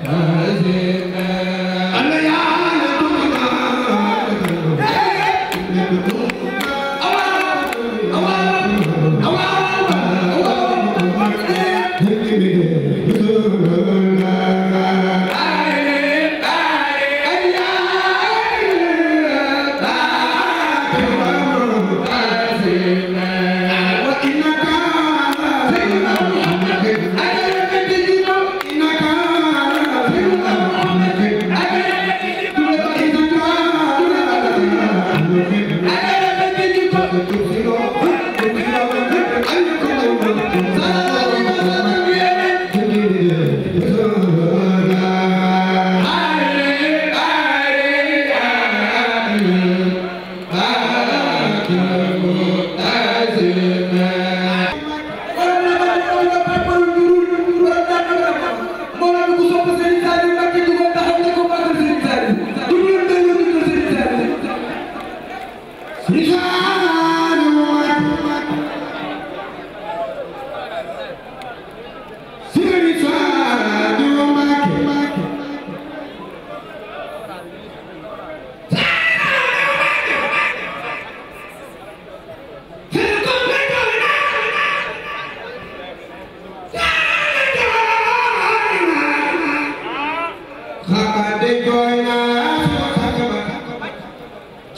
هذه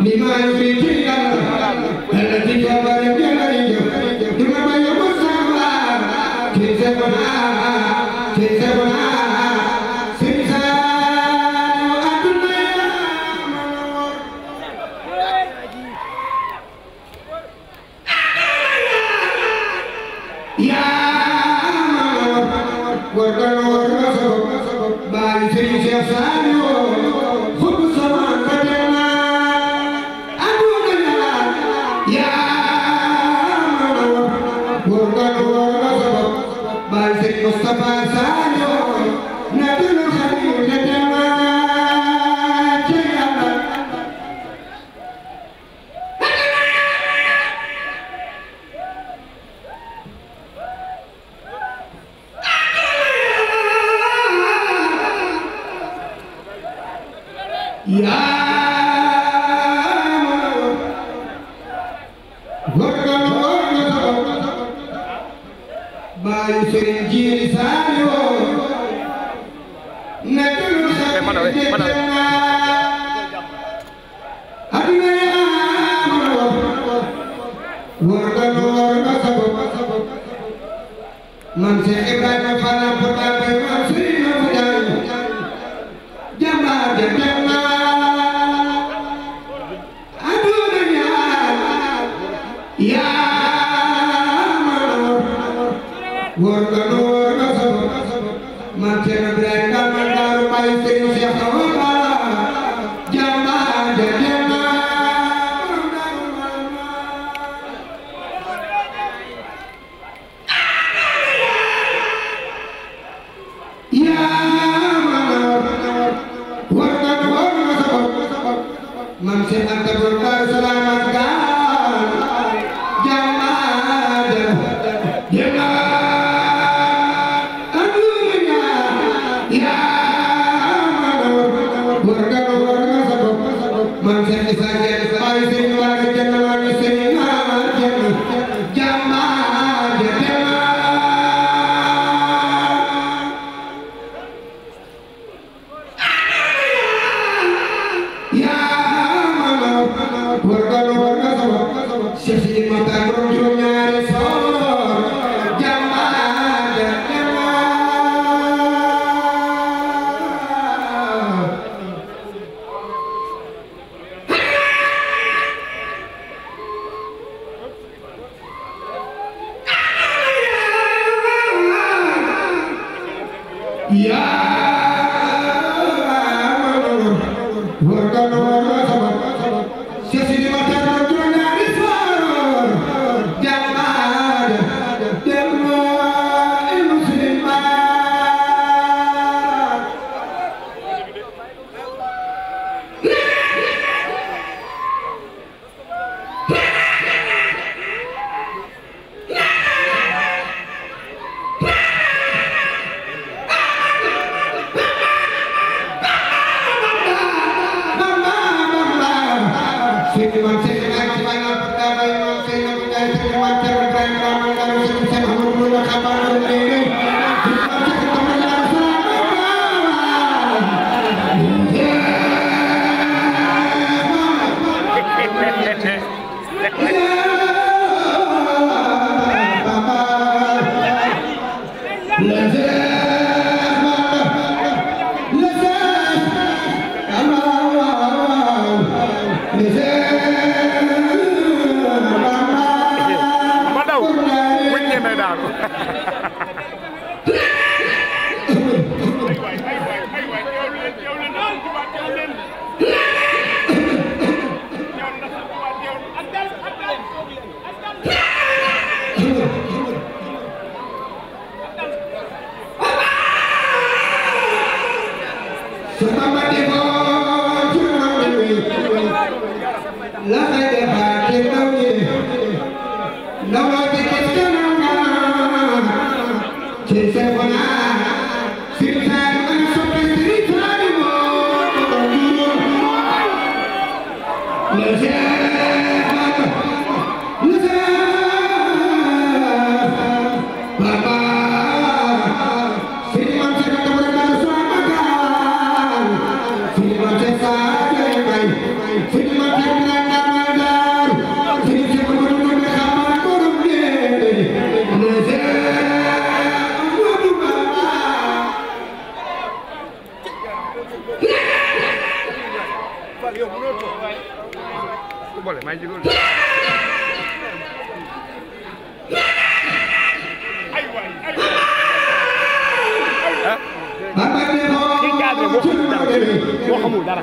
لما يريد الله الذي جاب wurdan woo la sabab baay sëñ Moustapha Sadio na dul xarit ne demaa ci yàlla yaa sëriñ ji saani woo nekk lu sax man Cheikh Ibrahima Fall wóor nga nu wóor nga solo man Cheikh Sidi Matar naa ko Selamat moo xamul dara